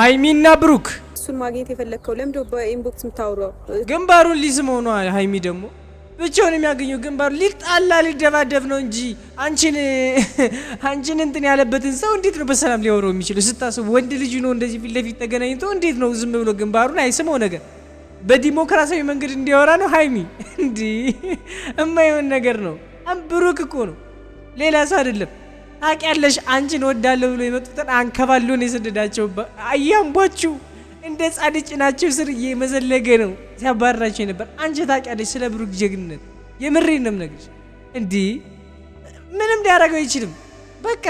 ሀይሚና ብሩክ እሱን ማግኘት የፈለግከው ለምዶ በኢንቦክስ የምታወራው ግንባሩን ሊስም ሆኗ። ሀይሚ ደግሞ ብቻውን የሚያገኘው ግንባሩ ሊጣላ ሊደባደብ ነው እንጂ አንቺን አንቺን እንትን ያለበትን ሰው እንዴት ነው በሰላም ሊያወራው የሚችለው? ስታስብ ወንድ ልጅ ነው እንደዚህ ፊት ለፊት ተገናኝቶ እንዴት ነው ዝም ብሎ ግንባሩን አይስመው ነገር በዲሞክራሲያዊ መንገድ እንዲያወራ ነው። ሀይሚ እንዲህ እማይሆን ነገር ነው። ብሩክ እኮ ነው ሌላ ሰው አይደለም። ታውቂያለሽ አንቺን ወዳለሁ ብሎ የመጡትን አንከባሎን የሰደዳቸው አያምቧችሁ እንደ ጻድቅ ናቸው ስር እየመዘለገ ነው ሲያባርራቸው ነበር። አንቺ ታውቂያለሽ ስለ ብሩክ ጀግንነት። የምሬን ነው የምነግርሽ። እንዲህ ምንም ሊያደርገው አይችልም። በቃ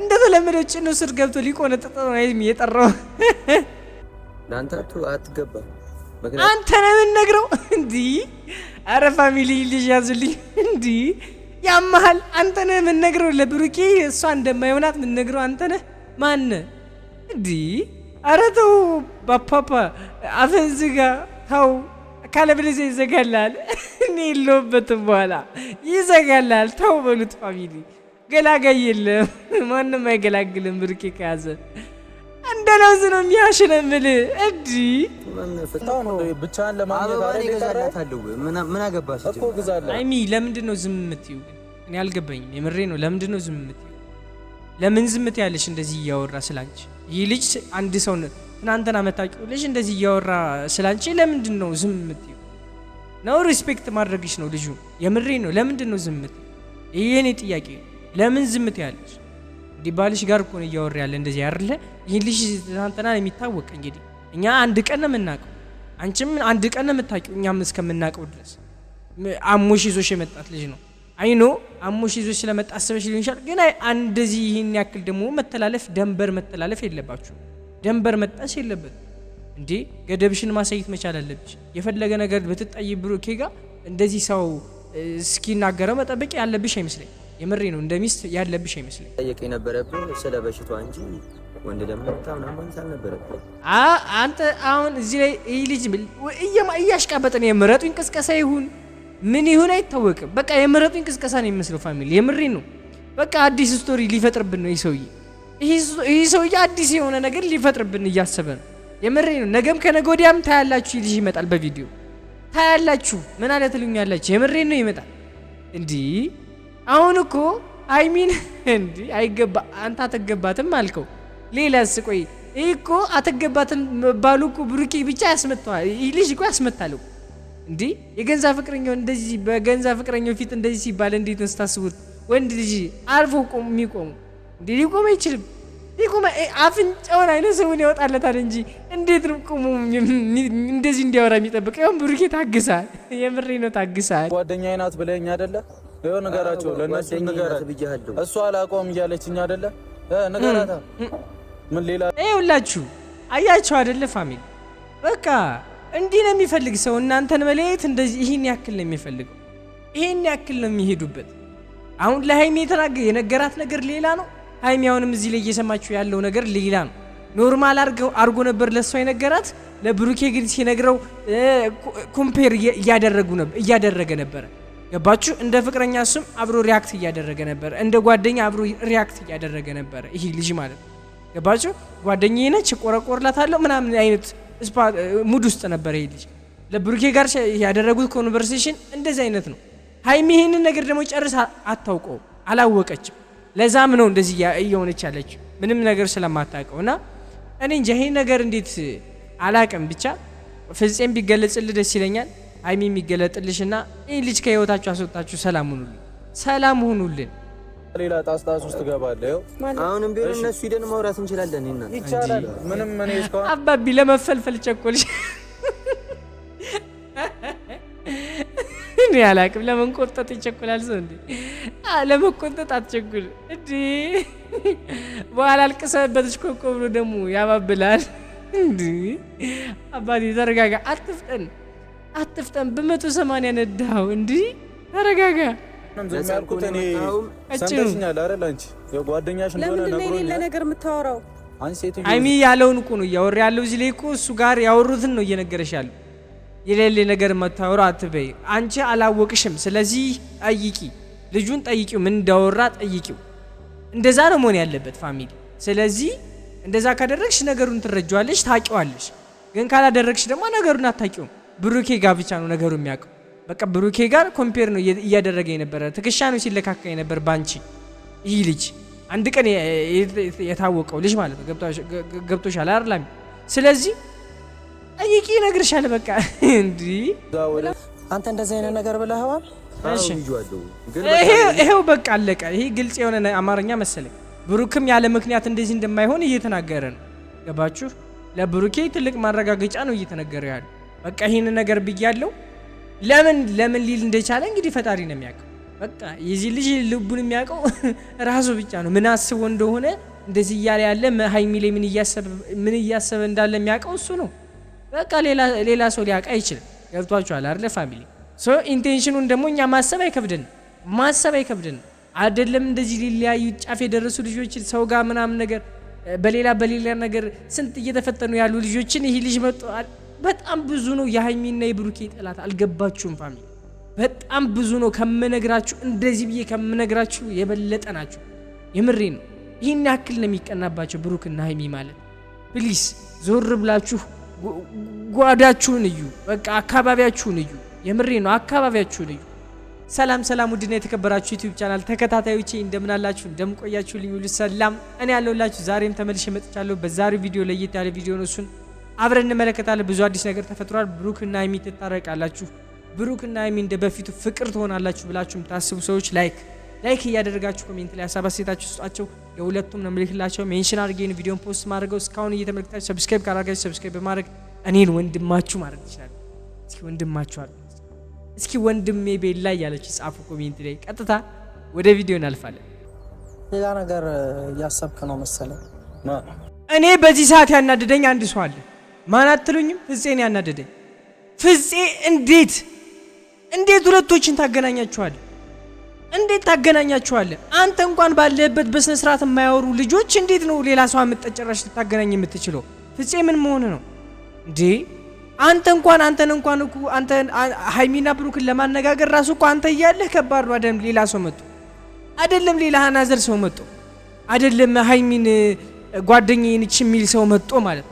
እንደተለመደው ጭኖ ስር ገብቶ ሊቆነጥጥ ነው የጠራው። ለአንተ አትገባም። አንተ ነው የምንነግረው። እንዲህ አረ ፋሚሊ ልጅ ያዙልኝ እንዲህ ያመሃል አንተ ነህ የምንነግረው ለብሩኬ እሷ እንደማይሆናት የምንነግረው አንተ ነህ። ማን እንዲህ? ኧረ ባፓፓ አፍህን ታው ተው ካለበለዚያ ይዘጋልሃል። እኔ የለሁበትም በኋላ ይዘጋላል። ተው በሉት ፋሚሊ ገላጋይ የለም። ማንም አይገላግልም ብሩኬ ከያዘ ለውዝ ነው የሚያሽለምል እዲ ብቻን ለማግኘትአለሚ ለምንድን ነው ዝም የምትይው? እኔ አልገባኝም። የምሬ ነው። ለምንድን ነው ዝም የምትይው? ለምን ዝምት ያለሽ? እንደዚህ እያወራ ስላንቺ ይህ ልጅ አንድ ሰው ትናንትና መታቂው ልጅ እንደዚህ እያወራ ስላንቺ ለምንድን ነው ዝም የምትይው? ነው ሪስፔክት ማድረግሽ ነው ልጁ። የምሬ ነው። ለምንድን ነው ዝምት? የምትይው? ይህ የኔ ጥያቄ ለምን ዝምት ትያለሽ? ዲባልሽ ጋር እኮ እያወር እያወራ ያለ እንደዚህ አይደለ? ይህን ልጅ ትናንትና የሚታወቅ እንግዲህ እኛ አንድ ቀን ነው የምናውቀው፣ አንቺም አንድ ቀን ነው የምታውቂው፣ እኛም እስከምናውቀው ድረስ አሞሽ ይዞሽ የመጣት ልጅ ነው። አይኖ አሞሽ ይዞሽ ስለመጣ አስበሽ ሊሆን ይችላል፣ ግን እንደዚህ ይህን ያክል ደግሞ መተላለፍ ደንበር መተላለፍ የለባችሁ። ደንበር መጣስ የለበት እንዴ ገደብሽን ማሳየት መቻል አለብሽ። የፈለገ ነገር ብትጠይ ብሩኬ ጋር እንደዚህ ሰው እስኪናገረው መጠበቅ ያለብሽ አይመስለኝ የምሬ ነው። እንደ ሚስት ያለብሽ አይመስለኝ። ጠየቅ የነበረብህ ስለ በሽቷ እንጂ ወንድ ለምታ ምናምን አልነበረብህ። አንተ አሁን እዚህ ላይ ይህ ልጅ እያሽቃበጠ ነው። የምረጡኝ ቅስቀሳ ይሁን ምን ይሁን አይታወቅም። በቃ የምረጡኝ ቅስቀሳ ነው የሚመስለው። ፋሚሊ የምሬ ነው። በቃ አዲስ ስቶሪ ሊፈጥርብን ነው ይህ ሰውዬ። ይህ ሰውዬ አዲስ የሆነ ነገር ሊፈጥርብን እያሰበ ነው። የምሬ ነው። ነገም ከነገ ወዲያም ታያላችሁ። ይህ ልጅ ይመጣል በቪዲዮ ታያላችሁ። ምን አለ ትሉኛላችሁ። የምሬ ነው ይመጣል እንዲህ አሁን እኮ አይሚን እንዲ አይገባ አንተ አትገባትም አልከው። ሌላስ ቆይ ይህ እኮ አትገባትም ባሉ እኮ ብሩኬ ብቻ ያስመታዋል። ይህ ልጅ እኮ ያስመታል እኮ እንዲ የገንዛ ፍቅረኛው እንደዚህ በገንዛ ፍቅረኛው ፊት እንደዚህ ሲባል እንዴት ነው ስታስቡት? ወንድ ልጅ አርፎ ቆም የሚቆሙ እንዲ ሊቆም አይችልም። ሊቆም አፍንጫውን አይነ ሰውን ያወጣለታል እንጂ እንዴት ነው ቆሙ እንደዚህ እንዲያወራ የሚጠብቀው? ይሁን ብሩኬ ታግሳል። የምሬ ነው ታግሳል። ጓደኛዬ ናት ብለኸኝ አይደለ ይኸው ንገራቸው፣ ለእነሱ ንገራቸው። እሷ አላቆም እያለችኝ አይደለ? ንገራታ። ምን ሌላ ይኸውላችሁ፣ አያቸው አይደለ? ፋሚሊ በቃ እንዲህ ነው የሚፈልግ ሰው። እናንተን መለየት እንደዚህ ይህን ያክል ነው የሚፈልገው። ይህን ያክል ነው የሚሄዱበት። አሁን ለሀይሚ የተናገ የነገራት ነገር ሌላ ነው። ሀይሚ አሁንም እዚህ ላይ እየሰማችሁ ያለው ነገር ሌላ ነው። ኖርማል አድርጎ ነበር ለእሷ የነገራት። ለብሩኬ ግን ሲነግረው ኮምፔር እያደረጉ እያደረገ ነበረ ገባችሁ? እንደ ፍቅረኛ ስም አብሮ ሪያክት እያደረገ ነበረ፣ እንደ ጓደኛ አብሮ ሪያክት እያደረገ ነበረ። ይሄ ልጅ ማለት ነው። ገባችሁ? ጓደኛ ነች እቆረቆርላታለሁ ምናምን አይነት ሙድ ውስጥ ነበረ ይሄ ልጅ። ለብሩኬ ጋር ያደረጉት ኮንቨርሴሽን እንደዚህ አይነት ነው። ሀይሚ ይሄንን ነገር ደግሞ ጨርስ አታውቀው፣ አላወቀችም። ለዛም ነው እንደዚህ እየሆነች ያለችው ምንም ነገር ስለማታውቀው እና እኔ እንጃ ይሄን ነገር እንዴት አላቅም ብቻ ፍጼም ቢገለጽልህ ደስ ይለኛል። ሀይሚ የሚገለጥልሽና ይህ ልጅ ከህይወታችሁ አስወጣችሁ ሰላም ሁኑልን፣ ሰላም ሁኑልን። ሌላ ጣስጣስ ውስጥ ገባለሁ። አሁንም ቢሆን እነሱ ሂደን ማውራት እንችላለን። ይቻላል። ምንም እኔ እስካሁን አባቢ ለመፈልፈል ቸኮልሽ እኔ አላቅም። ለመንቆጠጥ ይቸኩላል ሰው እንዴ! ለመቆጠጥ አትቸኩል እንዴ! በኋላ አልቅሰበት ሽኮኮ ብሎ ደግሞ ያባብላል እንዴ! አባቴ ተረጋጋ፣ አትፍጠን። አትፍጠን። በመቶ ሰማንያ ነዳኸው። እንዲህ ተረጋጋ። ሰምተሽኛል አይደል? አይሚ ያለውን እኮ ነው እያወራ ያለው። እዚህ ላይ እኮ እሱ ጋር ያወሩትን ነው እየነገረሽ የሌለ ነገር መታወሩ አትበይ። አንቺ አላወቅሽም። ስለዚህ ጠይቂ፣ ልጁን ጠይቂው፣ ምን እንዳወራ ጠይቂው። እንደዛ ነው መሆን ያለበት ፋሚሊ። ስለዚህ እንደዛ ካደረግሽ ነገሩን ትረጃዋለሽ፣ ታቂዋለሽ። ግን ካላደረግሽ ደግሞ ነገሩን አታቂውም። ብሩኬ ጋር ብቻ ነው ነገሩ የሚያውቀው። በቃ ብሩኬ ጋር ኮምፔር ነው እያደረገ የነበረ ትከሻ ነው ሲለካካ የነበር ባንቺ ይህ ልጅ አንድ ቀን የታወቀው ልጅ ማለት ነው። ገብቶሻል አርላሚ። ስለዚህ ጠይቂ ይነግርሻል። በቃ እንዲህ አንተ እንደዚህ አይነት ነገር ብለህዋል። ይሄው በቃ አለቀ። ይሄ ግልጽ የሆነ አማርኛ መሰለኝ። ብሩክም ያለ ምክንያት እንደዚህ እንደማይሆን እየተናገረ ነው። ገባችሁ? ለብሩኬ ትልቅ ማረጋገጫ ነው እየተነገረ ያለ በቃ ይህን ነገር ብያለው። ለምን ለምን ሊል እንደቻለ እንግዲህ ፈጣሪ ነው የሚያውቀው። በቃ የዚህ ልጅ ልቡን የሚያውቀው ራሱ ብቻ ነው። ምን አስቦ እንደሆነ እንደዚህ እያለ ያለ ሀይሚ ላይ ምን እያሰበ እንዳለ የሚያውቀው እሱ ነው። በቃ ሌላ ሰው ሊያውቅ አይችልም። ገብቷችኋል አይደለ ፋሚሊ? ሶ ኢንቴንሽኑን ደግሞ እኛ ማሰብ አይከብድን ማሰብ አይከብድን አይደለም። እንደዚህ ሊለያዩ ጫፍ የደረሱ ልጆችን ሰው ጋር ምናምን ነገር በሌላ በሌላ ነገር ስንት እየተፈጠኑ ያሉ ልጆችን ይህ ልጅ መጥቶ በጣም ብዙ ነው። የሀይሚና የብሩኬ ጠላት አልገባችሁም ፋሚሊ። በጣም ብዙ ነው ከምነግራችሁ፣ እንደዚህ ብዬ ከምነግራችሁ የበለጠ ናችሁ። የምሬ ነው። ይህን ያክል ነው የሚቀናባቸው ብሩክና ሀይሚ ማለት። ፕሊስ ዞር ብላችሁ ጓዳችሁን እዩ፣ በቃ አካባቢያችሁን እዩ። የምሬ ነው። አካባቢያችሁን እዩ። ሰላም ሰላም፣ ውድና የተከበራችሁ ዩቲዩብ ቻናል ተከታታዮቼ እንደምናላችሁ እንደምቆያችሁ ልኝ ሁሉ ሰላም፣ እኔ ያለሁላችሁ ዛሬም ተመልሼ መጥቻለሁ። በዛሬው ቪዲዮ ለየት ያለ ቪዲዮ ነው እሱን አብረን እንመለከታለን። ብዙ አዲስ ነገር ተፈጥሯል። ብሩክና ሀይሚ ትታረቃላችሁ፣ ብሩክና ሀይሚ እንደ በፊቱ ፍቅር ትሆናላችሁ ብላችሁ የምታስቡ ሰዎች ላይክ ላይክ እያደረጋችሁ ኮሜንት ላይ ሀሳብ አስተያየታችሁ ስጧቸው። የሁለቱም ነው ምልክላቸው ሜንሽን አድርጌን ቪዲዮን ፖስት ማድረገው እስካሁን እየተመለከታችሁ ሰብስክራይብ ካላደረጋችሁ ሰብስክራይብ በማድረግ እኔን ወንድማችሁ ማድረግ ይችላል። እስኪ ወንድማችሁ አሉ እስኪ ወንድሜ ቤላ እያለች ጻፉ ኮሜንት ላይ። ቀጥታ ወደ ቪዲዮ እናልፋለን። ሌላ ነገር እያሰብክ ነው መሰለኝ። እኔ በዚህ ሰዓት ያናደደኝ አንድ ሰው አለ ማን አትሉኝም? ፍፄን ያናደደኝ ፍፄ እንዴት እንዴት ሁለቶችን ታገናኛችኋል? እንዴት ታገናኛችኋል? አንተ እንኳን ባለህበት በስነ ስርዓት የማያወሩ ልጆች እንዴት ነው ሌላ ሰው የምትጨራሽ ልታገናኝ የምትችለው? ፍፄ ምን መሆን ነው እንዴ? አንተ እንኳን አንተን እንኳን እኮ አንተ ሃይሚና ብሩክን ለማነጋገር ራሱ እኮ አንተ እያለህ ከባድ ነው። አደም ሌላ ሰው መጡ አይደለም ሌላ አናዘር ሰው መጡ አይደለም ሃይሚን ጓደኛዬ ነች የሚል ሰው መጦ ማለት ነው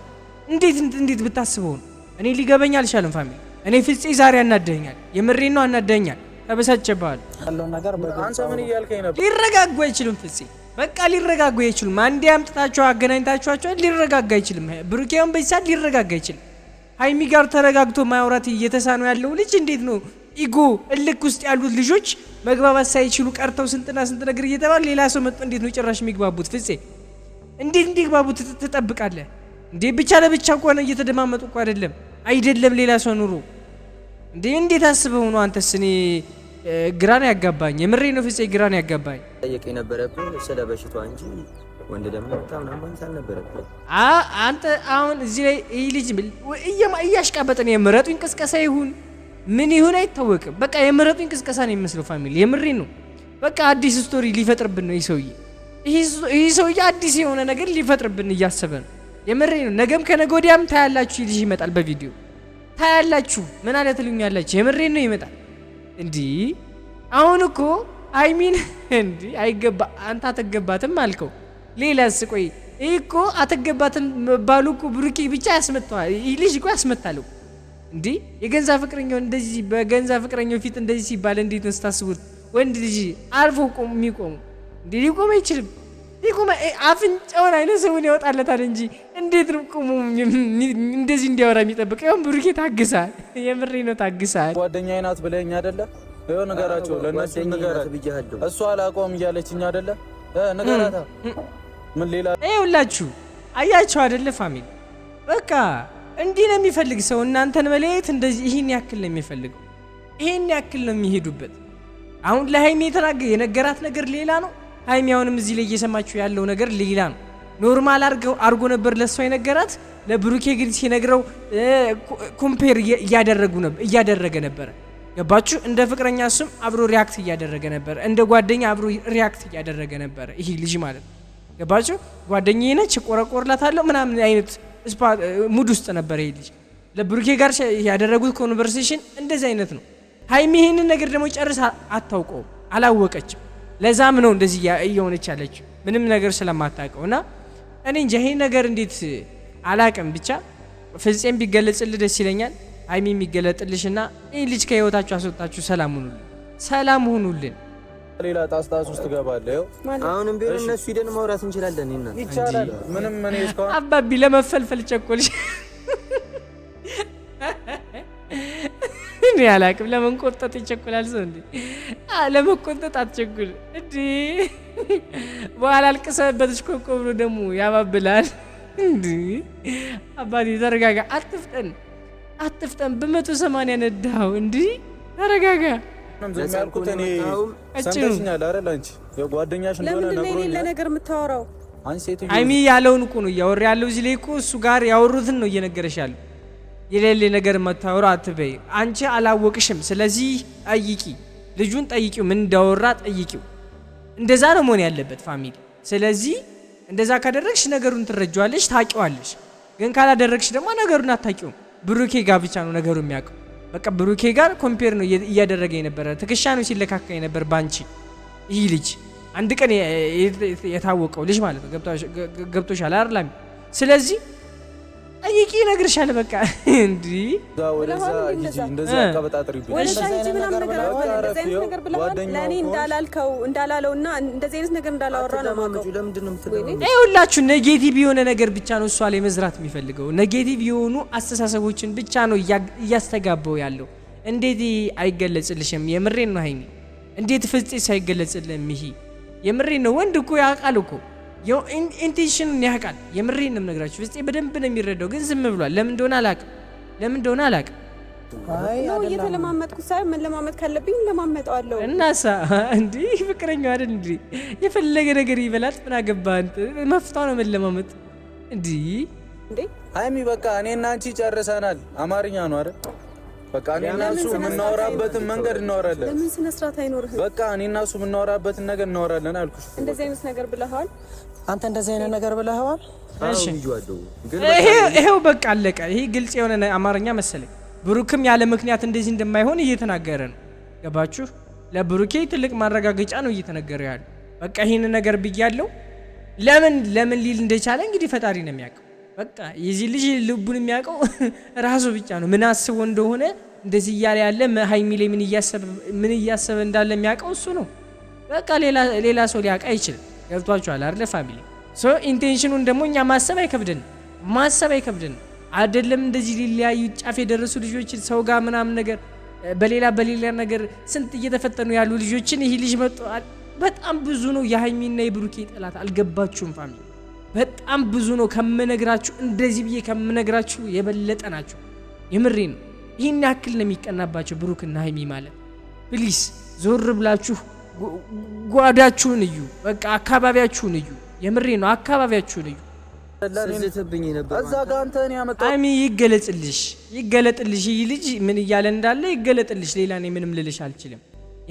እንዴት እንዴት ብታስበው ነው? እኔ ሊገበኝ አልቻለም። ፋሚሊ እኔ ፍፄ ዛሬ አናደኛል። የምሬ ነው አናደኛል። ተበሳጨባል ነገር ሊረጋጉ አይችልም። ፍፄ በቃ ሊረጋጉ አይችሉም። አንዴ አምጥታቸው አገናኝታችኋቸዋል። ሊረጋጋ አይችልም። ብሩኬውን በሳት ሊረጋጋ አይችልም። ሀይሚ ጋር ተረጋግቶ ማውራት እየተሳነው ያለው ልጅ እንዴት ነው ኢጎ እልክ ውስጥ ያሉት ልጆች መግባባት ሳይችሉ ቀርተው ስንትና ስንት ነገር እየተባለ ሌላ ሰው መጥቶ እንዴት ነው ጭራሽ የሚግባቡት? ፍፄ እንዴት እንዲግባቡት ትጠብቃለህ? እንዴ ብቻ ለብቻ እንኳን እየተደማመጡ እኮ አይደለም አይደለም ሌላ ሰው ኑሮ እንዴ እንዴት አስበው ነው አንተስ? እኔ ግራን ያጋባኝ የምሬ ነው ፍፄ፣ ግራን ያጋባኝ ጠየቅ የነበረብህ ስለ በሽቷ እንጂ ወንድ ደግሞ በጣም ናማንስ አልነበረብህ። አንተ አሁን እዚህ ላይ ይህ ልጅ እያሽቃበጠን የምረጡኝ ቅስቀሳ ይሁን ምን ይሁን አይታወቅም። በቃ የምረጡኝ ቅስቀሳ ነው የሚመስለው። ፋሚሊ የምሬ ነው። በቃ አዲስ ስቶሪ ሊፈጥርብን ነው ይህ ሰውዬ። ይህ ሰውዬ አዲስ የሆነ ነገር ሊፈጥርብን እያሰበ ነው። የምሬ ነው። ነገም ከነገ ወዲያም ታያላችሁ፣ ልጅ ይመጣል በቪዲዮ ታያላችሁ። ምን አለ ትሉኛላችሁ። የምሬ ነው ይመጣል። እንዲህ አሁን እኮ አይሚን እንዲ አይገባ አንተ አትገባትም አልከው። ሌላስ ቆይ ይህ እኮ አትገባትም ባሉ እኮ ብሩኬ ብቻ ያስመታዋል። ይህ ልጅ እኮ ያስመታለው እንዴ የገንዛ ፍቅረኛው እንደዚህ በገንዛ ፍቅረኛው ፊት እንደዚህ ሲባል እንዴት ነው ስታስቡት? ወንድ ልጅ አልፎ የሚቆሙ እንዴ ሊቆም አይችልም። እኔ እኮ አፍንጫውን አይነ ሰውን ያወጣለታል እንጂ እንዴት ነው ቁሙ እንደዚህ እንዲያወራ የሚጠብቅ? ይሁን ብሩኬ ታግሳል። የምሬ ነው ታግሳል። ጓደኛዬ ናት ብለኸኝ አይደለ? ይኸው ንገራቸው፣ ለእነሱ ንገራቸው። እሷ አላቆም እያለችኝ አይደለ? ንገራታ። ምን ሌላ ሁላችሁ አያቸው አይደለ? ፋሚል በቃ እንዲህ ነው የሚፈልግ ሰው እናንተን መለየት። እንደዚህ ይህን ያክል ነው የሚፈልገው። ይህን ያክል ነው የሚሄዱበት። አሁን ለሀይሚ የተናገ የነገራት ነገር ሌላ ነው ሀይሚ አሁንም እዚህ ላይ እየሰማችሁ ያለው ነገር ሌላ ነው። ኖርማል አድርጎ ነበር ለሷ የነገራት፣ ለብሩኬ ግን ሲነግረው ኮምፔር እያደረገ ነበረ። ገባችሁ? እንደ ፍቅረኛ ስም አብሮ ሪያክት እያደረገ ነበረ፣ እንደ ጓደኛ አብሮ ሪያክት እያደረገ ነበረ። ይሄ ልጅ ማለት ነው። ገባችሁ? ጓደኛዬ ነች እቆረቆርላታለሁ ምናምን አይነት ሙድ ውስጥ ነበር ይሄ ልጅ። ለብሩኬ ጋር ያደረጉት ኮንቨርሴሽን እንደዚህ አይነት ነው። ሀይሚ ይህንን ነገር ደግሞ ጨርስ አታውቀውም፣ አላወቀችም። ለዛም ነው እንደዚህ እየሆነች ያለችው ምንም ነገር ስለማታውቀው እና እኔ እንጃ ይሄ ነገር እንዴት አላቅም። ብቻ ፍጼም ቢገለጽል ደስ ይለኛል። አይሚ የሚገለጥልሽ እና ይህ ልጅ ከህይወታችሁ አስወጣችሁ ሰላም ሁኑልን፣ ሰላም ሁኑልን። ሌላ ጣስጣስ ውስጥ ገባለሁ። አሁንም ቢሆን እነሱ ሂደን ማውራት እንችላለን። ይቻላል። ምንም እኔ እስካሁን አባቢ ለመፈልፈል ቸኮልሽ። እኔ አላቅም ለምን ቆጣት ይቸኮላል ሰው እንዴ ለመቆንጠጥ አትቸጉል እንዲ በኋላ አልቅሰበት ሽኮኮ ብሎ ደግሞ ያባብላል። እንዲ አባቴ ተረጋጋ፣ አትፍጠን አትፍጠን። በመቶ ሰማንያ ነዳኸው። እንዲ ተረጋጋ። አይሚ ያለውን እኮ ነው እያወራ ያለው። እዚህ ላይ እኮ እሱ ጋር ያወሩትን ነው እየነገረሽ ያለው። የሌለ ነገር መታወሩ አትበይ። አንቺ አላወቅሽም፣ ስለዚህ ጠይቂ ልጁን ጠይቂው፣ ምን እንዳወራ ጠይቂው። እንደዛ ነው መሆን ያለበት ፋሚሊ። ስለዚህ እንደዛ ካደረግሽ ነገሩን ትረጃዋለሽ፣ ታቂዋለሽ። ግን ካላደረግሽ ደግሞ ነገሩን አታቂውም። ብሩኬ ጋር ብቻ ነው ነገሩ የሚያውቀው። በቃ ብሩኬ ጋር ኮምፔር ነው እያደረገ የነበረ ትከሻ ነው ሲለካካ የነበር ባንቺ። ይህ ልጅ አንድ ቀን የታወቀው ልጅ ማለት ነው። ገብቶሻል አይደል? ስለዚህ ጠይቂ ይነግርሻል። በቃ እንዲ እንደዚህ ነገር ሁላችሁ ኔጌቲቭ የሆነ ነገር ብቻ ነው እሷ ላይ መዝራት የሚፈልገው። ኔጌቲቭ የሆኑ አስተሳሰቦችን ብቻ ነው እያስተጋባው ያለው። እንዴት አይገለጽልሽም? የምሬን ነው ሀይሚ። እንዴት ፍጽስ አይገለጽልም? ይሄ የምሬን ነው። ወንድ እኮ ያውቃል እኮ ኢንቴንሽኑን ያውቃል። የምሬን ነው የምነግራችሁ። ውስጤ በደንብ ነው የሚረዳው፣ ግን ዝም ብሏል። ለምን እንደሆነ አላውቅም። ለምን እንደሆነ አላውቅም። እየተለማመጥኩት ሳይሆን መለማመጥ ካለብኝ ለማመጠዋለሁ። እናሳ እንዲህ ፍቅረኛ አይደል እንዲ የፈለገ ነገር ይበላት። ምን አገባህ? መፍታው ነው መለማመጥ። እንዲህ እንዴ። አይሚ በቃ እኔ እና አንቺ ጨርሰናል። አማርኛ ነው አይደል በቃ እኔ እና እሱ የምናወራበትን መንገድ እናወራለን። ለምን ስነ ስርዓት አይኖርህም? በቃ እኔ እና እሱ የምናወራበትን ነገር እናወራለን አልኩሽ። እንደዚህ አይነት ነገር ብለኸዋል አንተ፣ እንደዚህ አይነት ነገር ብለኸዋል። ይሄው በቃ አለቀ። ይሄ ግልጽ የሆነ አማርኛ መሰለኝ። ብሩክም ያለ ምክንያት እንደዚህ እንደማይሆን እየተናገረ ነው። ገባችሁ? ለብሩኬ ትልቅ ማረጋገጫ ነው እየተነገረ ያለ። በቃ ይሄን ነገር ብያለው። ለምን ለምን ሊል እንደቻለ እንግዲህ ፈጣሪ ነው የሚያውቀው። በቃ የዚህ ልጅ ልቡን የሚያውቀው ራሱ ብቻ ነው። ምን አስቦ እንደሆነ እንደዚህ እያለ ያለ ሀይሚ ላይ ምን እያሰበ እንዳለ የሚያውቀው እሱ ነው። በቃ ሌላ ሰው ሊያውቅ አይችልም። ገብቷችኋል አይደለ ፋሚሊ? ሶ ኢንቴንሽኑን ደግሞ እኛ ማሰብ አይከብድን ማሰብ አይከብድን አይደለም። እንደዚህ ሊለያዩ ጫፍ የደረሱ ልጆችን ሰው ጋር ምናምን ነገር በሌላ በሌላ ነገር ስንት እየተፈጠኑ ያሉ ልጆችን ይህ ልጅ መጥቷል። በጣም ብዙ ነው የሀይሚና የብሩኬ ጠላት። አልገባችሁም ፋሚሊ በጣም ብዙ ነው ከምነግራችሁ፣ እንደዚህ ብዬ ከምነግራችሁ የበለጠ ናቸው። የምሬ ነው። ይህን ያክል ነው የሚቀናባቸው ብሩክና ሀይሚ ማለት። ፕሊስ ዞር ብላችሁ ጓዳችሁን እዩ፣ በቃ አካባቢያችሁን እዩ። የምሬ ነው፣ አካባቢያችሁን እዩ። ሀይሚ ይገለጽልሽ፣ ይገለጥልሽ። ይህ ልጅ ምን እያለ እንዳለ ይገለጥልሽ። ሌላ እኔ ምንም ልልሽ አልችልም።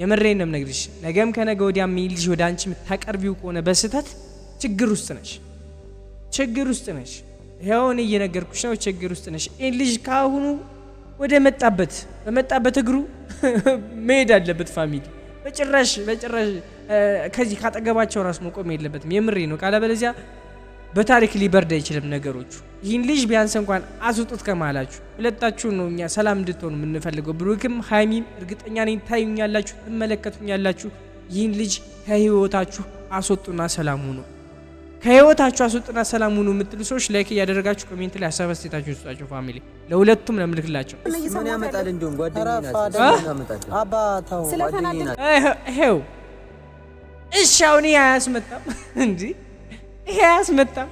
የምሬ ነው የምነግርሽ። ነገም ከነገ ወዲያ ልጅ ወደ አንቺ የምታቀርቢው ከሆነ በስህተት ችግር ውስጥ ነሽ። ችግር ውስጥ ነሽ። ይኸውን እየነገርኩሽ ነው፣ ችግር ውስጥ ነሽ። ይህ ልጅ ከአሁኑ ወደ መጣበት በመጣበት እግሩ መሄድ አለበት። ፋሚሊ በጭራሽ በጭራሽ ከዚህ ካጠገባቸው ራሱ መቆም የለበትም። የምሬ ነው። ካለበለዚያ በታሪክ ሊበርድ አይችልም ነገሮቹ። ይህን ልጅ ቢያንስ እንኳን አስወጡት ከመሀላችሁ። ሁለታችሁ ነው እኛ ሰላም እንድትሆኑ የምንፈልገው። ብሩክም ሀይሚም እርግጠኛ ነኝ ታዩኛላችሁ፣ ትመለከቱኛላችሁ። ይህን ልጅ ከህይወታችሁ አስወጡና ሰላሙ ነው ከህይወታችሁ አስወጥና ሰላም ሁኑ የምትሉ ሰዎች ላይክ እያደረጋችሁ ኮሜንት ላይ ሀሳብ አስተያየታችሁ ይስጧቸው። ፋሚሊ ለሁለቱም ለምልክላቸው ምን እሺ፣ አሁን ይሄ አያስመጣም እንዲ ይሄ አያስመጣም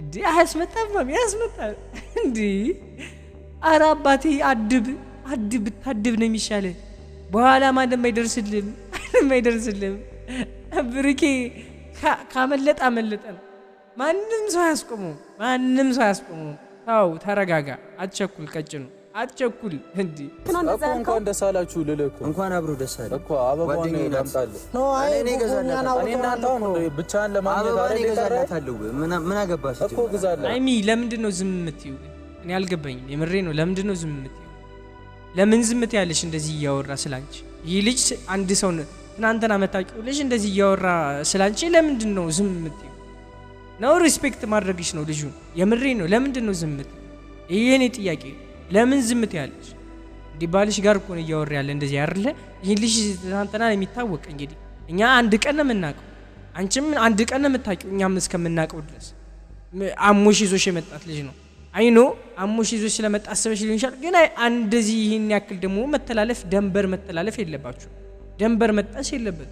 እንዲ አያስመጣም ማሚ ያስመጣል እንዲ አረ አባቴ አድብ አድብ ብታድብ ነው የሚሻለ። በኋላ ማንም አይደርስልም፣ አይደርስልም ብርኬ ካመለጠ አመለጠ ነው። ማንም ሰው አያስቆሙ፣ ማንም ሰው አያስቆሙ። ተው ተረጋጋ፣ አትቸኩል፣ ቀጭኑ አትቸኩል። እንዲ እንኳን ደስ አላችሁ ልልህ እንኳን አብሮ ደስ አለ እኮ አበባውን ላምጣልህ። ብቻህን ለማግኘት አይሚ ለምንድን ነው ዝም የምትይው? እኔ አልገባኝም። የምሬ ነው። ለምንድን ነው ዝም የምትይው? ለምን ዝም ትያለሽ? እንደዚህ እያወራ ስላንች ይህ ልጅ አንድ ሰው ትናንትና መታቂ ልጅ እንደዚህ እያወራ ስላንቺ ለምንድን ነው ዝም ምት ነው ሪስፔክት ማድረግሽ ነው ልጁን የምሬ ነው። ለምንድን ነው ዝምት ይህኔ ጥያቄ ለምን ዝምት ያለች? እንዲህ ባልሽ ጋር እኮ እያወር እያወራ ያለ እንደዚህ ያርለ ይህ ልጅ ትናንትና የሚታወቅ እንግዲህ እኛ አንድ ቀን ነው የምናውቀው፣ አንቺም አንድ ቀን ነው የምታውቂው፣ እኛም እስከምናውቀው ድረስ አሞሽ ይዞሽ የመጣት ልጅ ነው። አይኖ አሞሽ ይዞሽ ስለመጣ አስበሽ ሊሆን ይችላል፣ ግን እንደዚህ ይህን ያክል ደግሞ መተላለፍ ደንበር መተላለፍ የለባችሁ። ደንበር መጣስ የለበት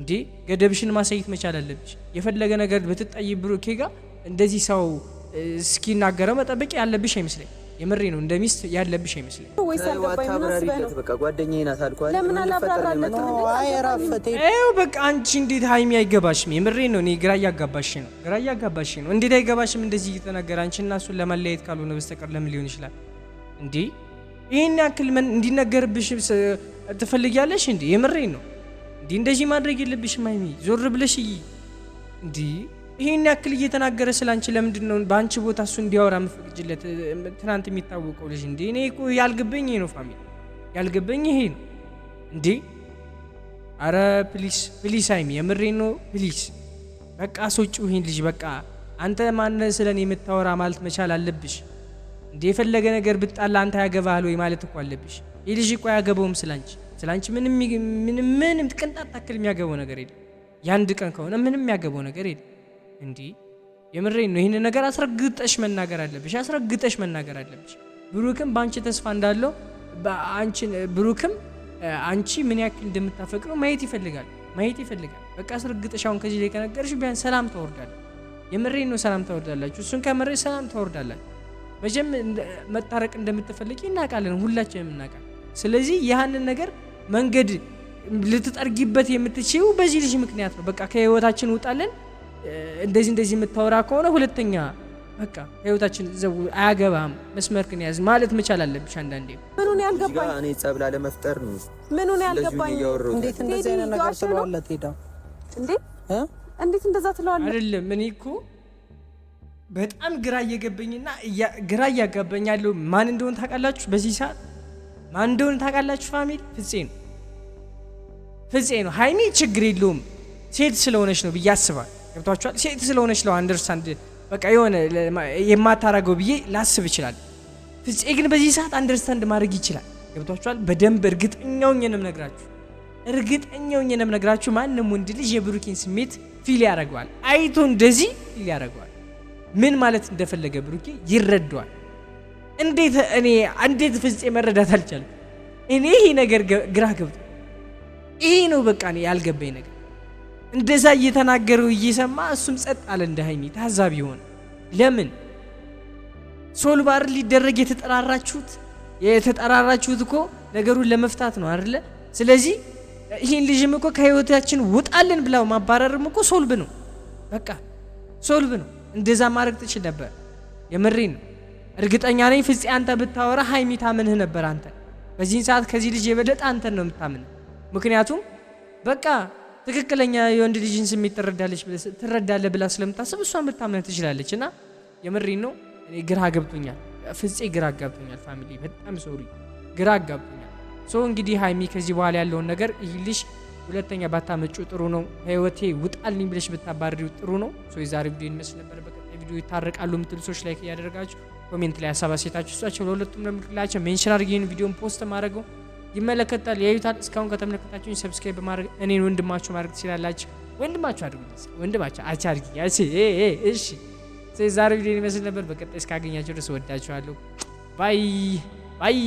እንዴ ገደብሽን ማሳየት መቻል አለብሽ። የፈለገ ነገር ብትጠይ ብሩኬ ጋር እንደዚህ ሰው እስኪናገረው መጠበቅ ያለብሽ አይመስለኝ። የምሬ ነው። እንደ ሚስት ያለብሽ አይመስለኝ። ይኸው በቃ አንቺ እንዴት ሀይሚ አይገባሽም? የምሬ ነው። እኔ ግራ እያጋባሽ ነው፣ ግራ እያጋባሽ ነው። እንዴት አይገባሽም? እንደዚህ እየተናገረ አንቺ እና እሱን ለመለያየት ካልሆነ በስተቀር ለምን ሊሆን ይችላል እንዴ? ይህን ያክል ምን እንዲነገርብሽ ትፈልጊያለሽ እንዴ? የምሬን ነው እንዴ? እንደዚህ ማድረግ የለብሽ ማይሚ፣ ዞር ብለሽ እይ እንዴ። ይህን ያክል እየተናገረ ስለ አንቺ ለምንድን ነው በአንቺ ቦታ እሱ እንዲያወራ ምፈቅጅለት? ትናንት የሚታወቀው ልጅ እንዴ። እኔ እኮ ያልገባኝ ይሄ ነው ፋሚሊ፣ ያልገባኝ ይሄ ነው እንዴ። አረ ፕሊስ ፕሊስ፣ አይሚ የምሬን ነው ፕሊስ። በቃ አስወጪው ይህን ልጅ በቃ። አንተ ማነ ስለ እኔ የምታወራ ማለት መቻል አለብሽ እንዴ። የፈለገ ነገር ብጣላ አንተ ያገባህል ወይ ማለት እኮ አለብሽ። ይልጅ እኮ አያገባውም ስላንቺ ስላንቺ ምንም ምንም ቅንጣት ታክል የሚያገባው ነገር የለም። የአንድ ቀን ከሆነ ምንም የሚያገባው ነገር የለም። እንዲህ የምሬን ነው። ይህን ነገር አስረግጠሽ መናገር አለብሽ፣ አስረግጠሽ መናገር አለብሽ። ብሩክም በአንቺ ተስፋ እንዳለው ብሩክም አንቺ ምን ያክል እንደምታፈቅረው ማየት ይፈልጋል፣ ማየት ይፈልጋል። በቃ አስረግጠሽ አሁን ከዚህ ላይ ከነገርሽ ሰላም ታወርዳለህ። የምሬን ነው። ሰላም ታወርዳላችሁ። እሱን ከምሬ ሰላም ታወርዳላችሁ። መቼም መታረቅ እንደምትፈልጊ እናውቃለን፣ ሁላችንም እናውቃለን። ስለዚህ ያህንን ነገር መንገድ ልትጠርጊበት የምትችው በዚህ ልጅ ምክንያት ነው። በቃ ከህይወታችን ውጣለን እንደዚህ እንደዚህ የምታወራ ከሆነ ሁለተኛ በቃ ህይወታችን ዘው አያገባም፣ መስመር መስመርክን ያዝ ማለት መቻል አለብሽ። አንዳንዴ ምኑን ያልገባኝ እኔ ጸብ ላለመፍጠር ነው። ምኑን ያልገባኝ እንዴት እንደዚህ አይነት ነገር ስለዋለ ትሄዳ እንዴ? እንዴት እንደዛ ትለዋለ? አይደለም እኔ እኮ በጣም ግራ እየገበኝና ግራ እያጋበኝ ያለው ማን እንደሆን ታውቃላችሁ በዚህ ሰዓት ማን እንደሆነ ታውቃላችሁ? ፋሚሊ ፍፄ ነው። ፍፄ ነው። ሀይሚ ችግር የለውም ሴት ስለሆነች ነው ብዬ አስባል። ገብቷችኋል? ሴት ስለሆነች ነው አንደርስታንድ በቃ የሆነ የማታረገው ብዬ ላስብ ይችላል። ፍፄ ግን በዚህ ሰዓት አንደርስታንድ ማድረግ ይችላል። ገብቷችኋል? በደንብ እርግጠኛውኝንም ነግራችሁ ነው ነግራችሁ ማንም ወንድ ልጅ የብሩኪን ስሜት ፊል ያደርገዋል። አይቶ እንደዚህ ፊል ያደርገዋል። ምን ማለት እንደፈለገ ብሩኪ ይረዳዋል። እንዴት እኔ እንዴት ፍጼ መረዳት አልቻለም። እኔ ይሄ ነገር ግራ ገብቶ ይሄ ነው በቃ እኔ ያልገባኝ ነገር። እንደዛ እየተናገረው እየሰማ እሱም ጸጥ አለ፣ እንደ ሀይሚ ታዛቢ ሆነ። ለምን ሶልባር ሊደረግ የተጠራራችሁት የተጠራራችሁት እኮ ነገሩን ለመፍታት ነው አይደለ? ስለዚህ ይህን ልጅም እኮ ከህይወታችን ውጣልን ብላው ማባረርም እኮ ሶልብ ነው፣ በቃ ሶልብ ነው። እንደዛ ማድረግ ትችል ነበር። የምሬ ነው። እርግጠኛ ነኝ ፍፄ አንተ ብታወራ ሀይሚ ታምንህ ነበር። አንተ በዚህን ሰዓት ከዚህ ልጅ የበለጠ አንተን ነው የምታምን። ምክንያቱም በቃ ትክክለኛ የወንድ ልጅን ስሜት ትረዳለች ትረዳለህ ብላ ስለምታስብ እሷን ብታምንህ ትችላለች። እና የምሪ ነው እኔ ግራ ገብቶኛል፣ ፍፄ ግራ አጋብቶኛል። ፋሚሊ በጣም ሶሪ፣ ግራ አጋብቶኛል። ሶ እንግዲህ ሀይሚ ከዚህ በኋላ ያለውን ነገር ይህ ልጅ ሁለተኛ ባታመጩ ጥሩ ነው። ህይወቴ ውጣልኝ ብለሽ ብታባርሪው ጥሩ ነው። ሶ የዛሬ ቪዲዮ ይመስል ነበር። በቀጣይ ቪዲዮ ይታረቃሉ የምትሉ ሰዎች ላይክ እያደረጋችሁ ኮሜንት ላይ ሀሳብ አሴታችሁ እሷቸው ለሁለቱም ለምልክላቸው ሜንሽን አድርጌን ቪዲዮን ፖስት ማድረገው ይመለከታል ያዩታል። እስካሁን ከተመለከታችሁ ሰብስክራይብ በማድረግ እኔን ወንድማችሁ ማድረግ ትችላላችሁ። ወንድማችሁ አድርጉ። ወንድማችሁ አቻ አድርጊ። እሺ ዛሬ ቪዲዮ ይመስል ነበር። በቀጣይ እስካገኛቸው ድረስ ወዳችኋለሁ። ባይ ባይ